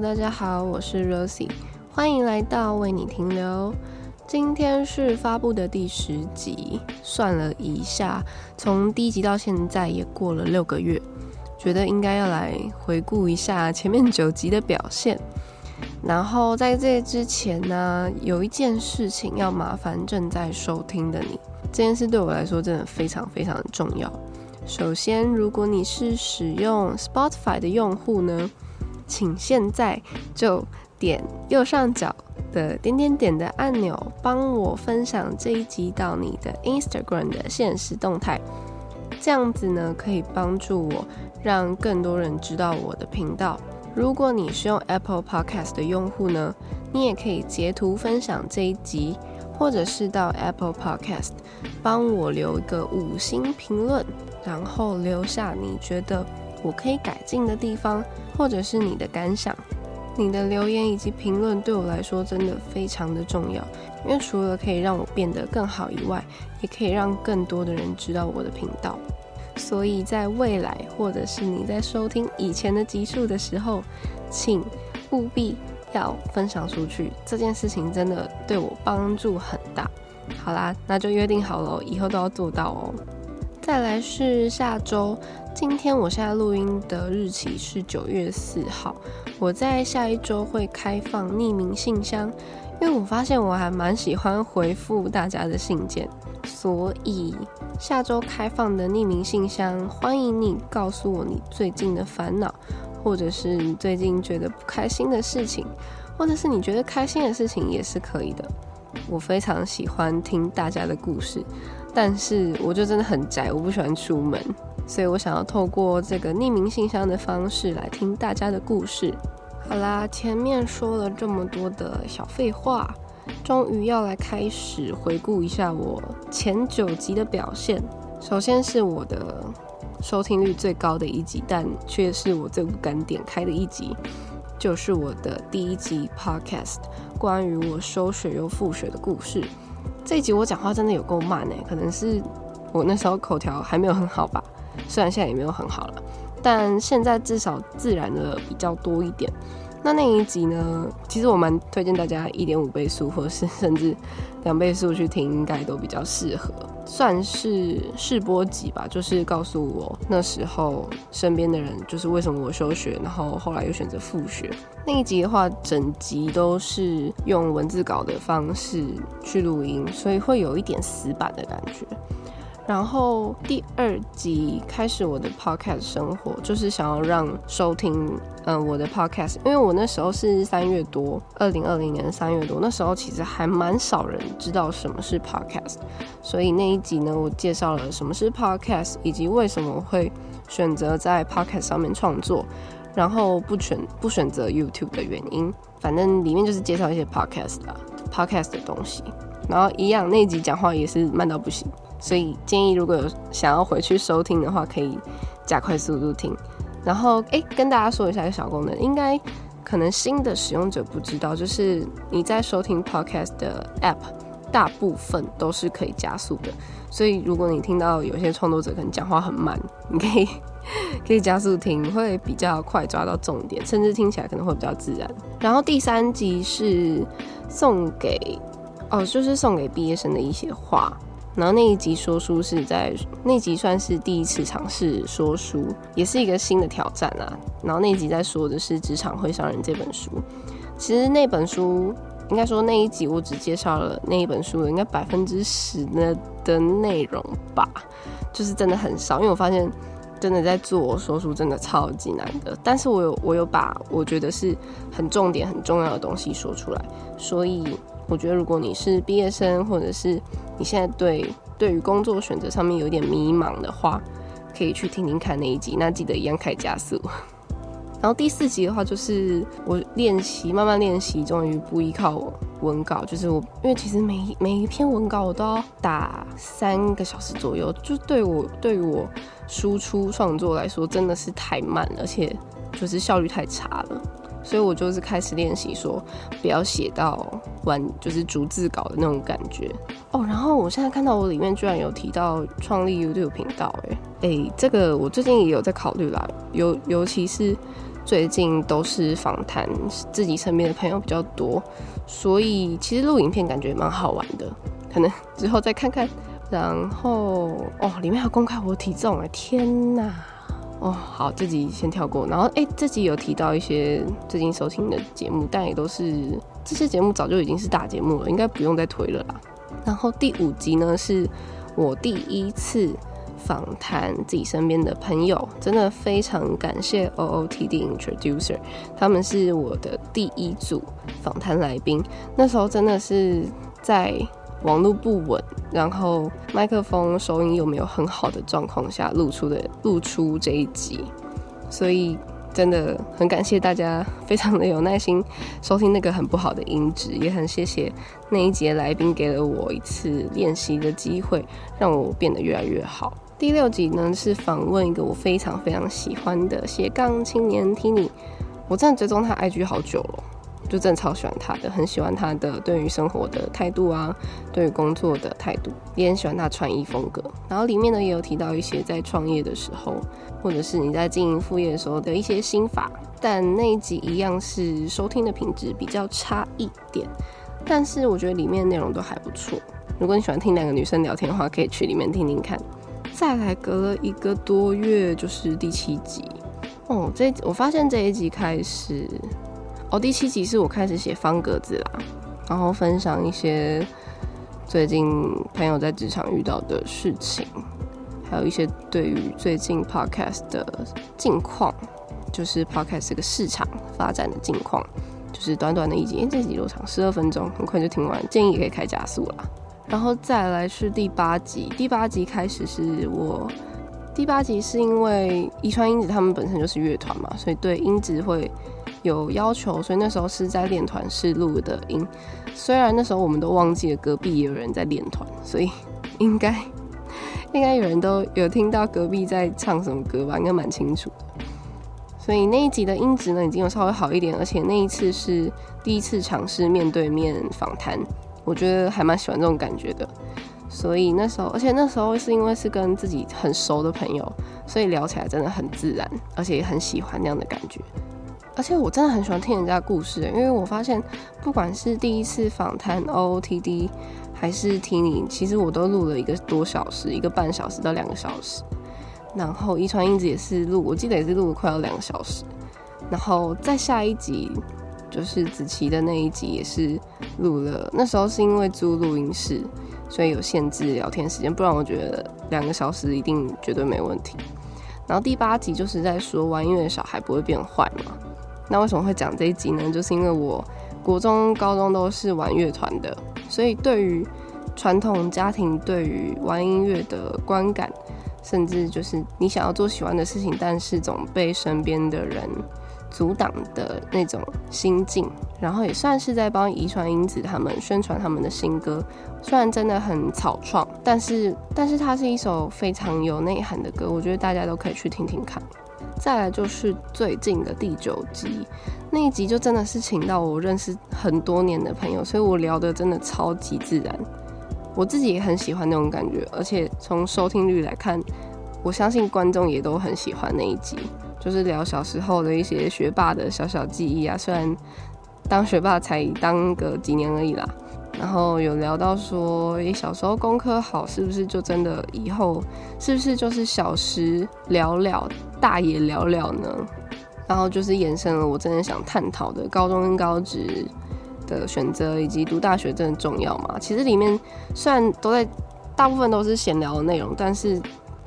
大家好，我是 Rosie，歡迎來到為你停留。今天是發布的第十集，算了一下，從第一集到現在也過了六個月，覺得應該要來回顧一下前面九集的表現。然後在這之前呢，有一件事情要麻煩正在收聽的你，這件事對我來說真的非常非常重要。首先，如果你是使用 Spotify 的用戶呢，請現在就點右上角的點點點的按鈕，幫我分享這一集到你的 Instagram 的限時動態。這樣子呢，可以幫助我讓更多人知道我的頻道。如果你是用 Apple Podcast 的用戶呢，你也可以截圖分享這一集，或者是到 Apple Podcast 幫我留一個五星評論，然後留下你覺得。我可以改進的地方，或者是你的感想、你的留言以及評論，對我來說真的非常的重要。因為除了可以讓我變得更好以外，也可以讓更多的人知道我的頻道。所以在未來，或者是你在收聽以前的集數的時候，請務必要分享出去。這件事情真的對我幫助很大。好啦，那就約定好了哦，以後都要做到哦。再來是下周。今天我現在錄音的日期是九月四號。我在下一周會開放匿名信箱，因為我發現我還蠻喜歡回復大家的信件，所以下周開放的匿名信箱，歡迎你告訴我你最近的煩惱，或者是你最近覺得不開心的事情，或者是你覺得開心的事情也是可以的。我非常喜歡聽大家的故事。但是我就真的很宅，我不喜歡出門，所以我想要透過這個匿名信箱的方式來聽大家的故事。好啦，前面說了這麼多的小廢話，終於要來開始回顧一下我前九集的表現。首先是我的收聽率最高的一集，但卻是我最不敢點開的一集，就是我的第一集 Podcast，關於我休學又復學的故事。這一集我講話真的有夠慢哎、欸，可能是我那時候口條還沒有很好吧，雖然現在也沒有很好了，但現在至少自然的比較多一點。那那一集呢，其實我蠻推薦大家一點五倍速，或是甚至兩倍速去聽，應該都比較適合。算是試播集吧，就是告訴我那時候身邊的人，就是為什麼我休學，然後後來又選擇復學。那一集的話，整集都是用文字稿的方式去錄音，所以會有一點死板的感覺。然後第二集開始我的 podcast 生活，就是想要讓收聽嗯、呃、我的 podcast，因為我那時候是三月多，二零二零年三月多，那時候其實還蠻少人知道什麼是 podcast，所以那一集呢，我介紹了什麼是 podcast，以及為什麼會選擇在 podcast 上面創作，然後不選不選擇 YouTube 的原因，反正裡面就是介紹一些 podcast 的 podcast 的東西，然後一樣那集講話也是慢到不行。所以建議，如果有想要回去收聽的話，可以加快速度聽。然後，誒、欸，跟大家說一下一個小功能，應該可能新的使用者不知道，就是你在收聽 Podcast 的 App，大部分都是可以加速的。所以，如果你聽到有些創作者可能講話很慢，你可以可以加速聽，會比較快抓到重點，甚至聽起來可能會比較自然。然後第三集是送給哦，就是送給畢業生的一些話。然後那一集說書是在那集算是第一次嘗試說書，也是一個新的挑戰啊。然後那集在說的是《職場會傷人》這本書，其實那本書應該說那一集我只介紹了那一本書應該百分之十呢的內容吧，就是真的很少。因為我發現真的在做說書真的超級難的，但是我有我有把我覺得是很重點很重要的東西說出來，所以。我覺得，如果你是畢業生，或者是你現在對對於工作選擇上面有點迷茫的話，可以去聽聽看那一集。那記得一樣開加速。 然後第四集的話，就是我練習，慢慢練習，終於不依靠文稿。就是我，因為其實每每一篇文稿，我都要打三個小時左右。就對我對於我輸出創作來說，真的是太慢而且就是效率太差了。所以我就是開始練習說，不要寫到完，就是逐字稿的那種感覺哦。Oh, 然後我現在看到我裡面居然有提到創立 YouTube 頻道，誒，誒，這個我最近也有在考慮啦，尤尤其是最近都是訪談自己身邊的朋友比較多，所以其實錄影片感覺蠻好玩的，可能之後再看看。然後哦，oh, 裡面還有公開我的體重哎，天哪！哦，oh, 好，這集先跳過。然後，哎，這集有提到一些最近收聽的節目，但也都是這些節目早就已經是大節目了，應該不用再推了啦。然後第五集呢，是我第一次訪談自己身邊的朋友，真的非常感謝 OOTD Introducer，他們是我的第一組訪談來賓。那時候真的是在網絡不穩，然後麥克風收音又沒有很好的狀況下錄出的錄出這一集，所以真的很感謝大家非常的有耐心收聽那個很不好的音質，也很謝謝那一節來賓給了我一次練習的機會，讓我變得越來越好。第六集呢，是訪問一個我非常非常喜歡的斜槓青年 Tini。我真的追蹤他 IG 好久了。就真的超喜歡他的，很喜歡他的對於生活的態度啊，對於工作的態度，也很喜歡他穿衣風格。然後裡面呢也有提到一些在創業的時候，或者是你在經營副業的時候的一些心法。但那一集一樣是收聽的品質比較差一點，但是我覺得裡面內容都還不錯。如果你喜歡聽兩個女生聊天的話，可以去裡面聽聽看。再來隔了一個多月就是第七集，哦，這我發現這一集開始。哦，第七集是我開始寫方格子啦，然後分享一些最近朋友在職場遇到的事情，還有一些對於最近 podcast 的近況，就是 podcast 這個市場發展的近況，就是短短的一集，哎、欸，這集多長？十二分鐘，很快就聽完，建議也可以開加速啦。然後再來是第八集，第八集開始是我。第八集是因為遺川音子他們本身就是樂團嘛，所以對音質會有要求，所以那時候是在練團室錄的音。雖然那時候我們都忘記了，隔壁也有人在練團，所以應該應該有人都有聽到隔壁在唱什麼歌吧，應該蠻清楚，所以那一集的音質呢，已經有稍微好一點，而且那一次是第一次嘗試面對面訪談，我覺得還蠻喜歡這種感覺的。所以那時候，而且那時候是因為是跟自己很熟的朋友，所以聊起來真的很自然，而且也很喜歡那樣的感覺。而且我真的很喜歡聽人家的故事，欸，因為我發現，不管是第一次訪談 OOTD，還是聽你，其實我都錄了一個多小時，一個半小時到兩個小時。然後遺傳因子也是錄，我記得也是錄了快要兩個小時。然後再下一集。就是子琪的那一集也是錄了，那時候是因為租錄音室，所以有限制聊天時間，不然我覺得兩個小時一定絕對沒問題。然後第八集就是在說玩音樂的小孩不會變壞嘛，那為什麼會講這一集呢？就是因為我國中、高中都是玩樂團的，所以對於傳統家庭對於玩音樂的觀感，甚至就是你想要做喜歡的事情，但是總被身邊的人。阻擋的那種心境，然後也算是在幫遺傳英子他們宣傳他們的新歌。雖然真的很草創，但是，但是它是一首非常有內涵的歌，我覺得大家都可以去聽聽看。再來就是最近的第九集，那一集就真的是請到我認識很多年的朋友，所以我聊得真的超級自然。我自己也很喜歡那種感覺，而且從收聽率來看，我相信觀眾也都很喜歡那一集。就是聊小時候的一些學霸的小小記憶啊，雖然當學霸才當個幾年而已啦。然後有聊到說，欸、小時候功課好是不是就真的以後是不是就是小時了了，大也了了呢？然後就是延伸了我真的想探討的高中跟高職的選擇，以及讀大學真的重要嗎？其實裡面雖然都在大部分都是閒聊的內容，但是。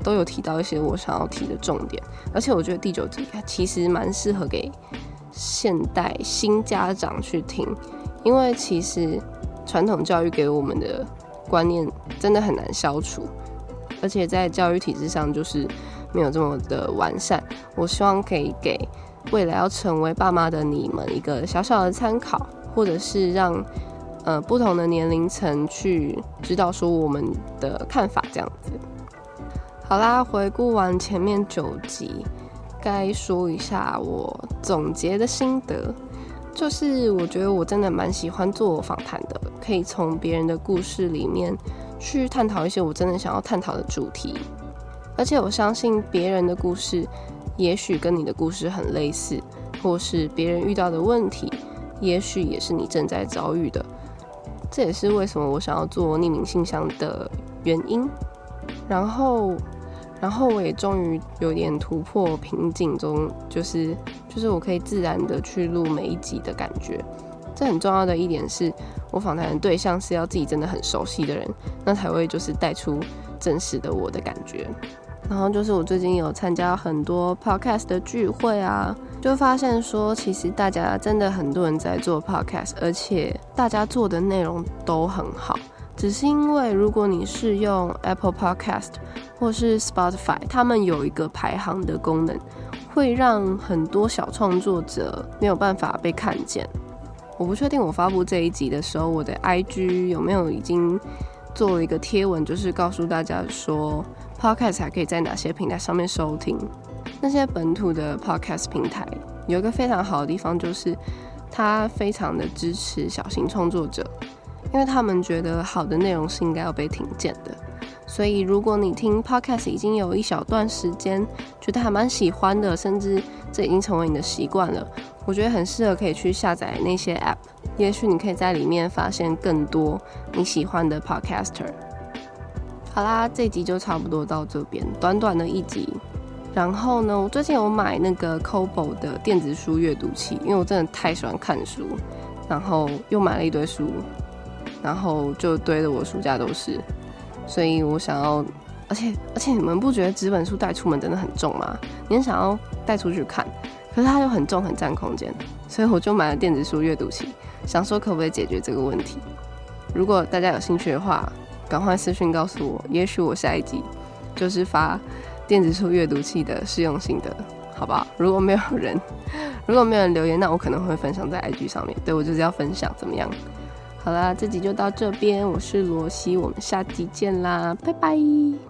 都有提到一些我想要提的重點，而且我覺得第九集其實蠻適合給現代新家長去聽，因為其實傳統教育給我們的觀念真的很難消除，而且在教育體制上就是沒有這麼的完善。我希望可以給未來要成為爸媽的你們一個小小的參考，或者是讓呃不同的年齡層去知道說我們的看法這樣子。好啦，回顧完前面九集，該說一下我總結的心得，就是我覺得我真的蠻喜歡做訪談的，可以從別人的故事裡面去探討一些我真的想要探討的主題，而且我相信別人的故事也許跟你的故事很類似，或是別人遇到的問題，也許也是你正在遭遇的，這也是為什麼我想要做匿名信箱的原因，然後。然後我也終於有點突破瓶頸中,就是就是我可以自然的去錄每一集的感覺。這很重要的一點是，我訪談的對象是要自己真的很熟悉的人，那才會就是帶出真實的我的感覺。然後就是我最近有參加很多 podcast 的聚會啊，就發現說，其實大家真的很多人在做 podcast，而且大家做的內容都很好。只是因為，如果你是用 Apple Podcast 或是 Spotify，他們有一個排行的功能，會讓很多小創作者沒有辦法被看見。我不確定我發布這一集的時候，我的 IG 有沒有已經做了一個貼文，就是告訴大家說，Podcast 還可以在哪些平台上面收聽。那些本土的 Podcast 平台有一個非常好的地方，就是它非常的支持小型創作者。因為他們覺得好的內容是應該要被聽見的，所以如果你聽 podcast 已經有一小段時間，覺得還蠻喜歡的，甚至這已經成為你的習慣了，我覺得很適合可以去下載那些 app，也許你可以在裡面發現更多你喜歡的 podcaster。好啦，這集就差不多到這邊，短短的一集。然後呢，我最近有買那個 Kobo 的電子書閱讀器，因為我真的太喜歡看書，然後又買了一堆書。然後就堆的我暑假都是，所以我想要，而且而且你們不覺得紙本書帶出門真的很重嗎？你想要帶出去看，可是它又很重很佔空間，所以我就買了電子書閱讀器，想說可不可以解決這個問題。如果大家有興趣的話，趕快私訊告訴我，也許我下一集就是發電子書閱讀器的適用性的好不好？如果沒有人，如果沒有人留言，那我可能會分享在 IG 上面，對，我就是要分享怎麼樣？好啦，這集就到這邊，我是蘿熙，我們下集見啦，拜拜。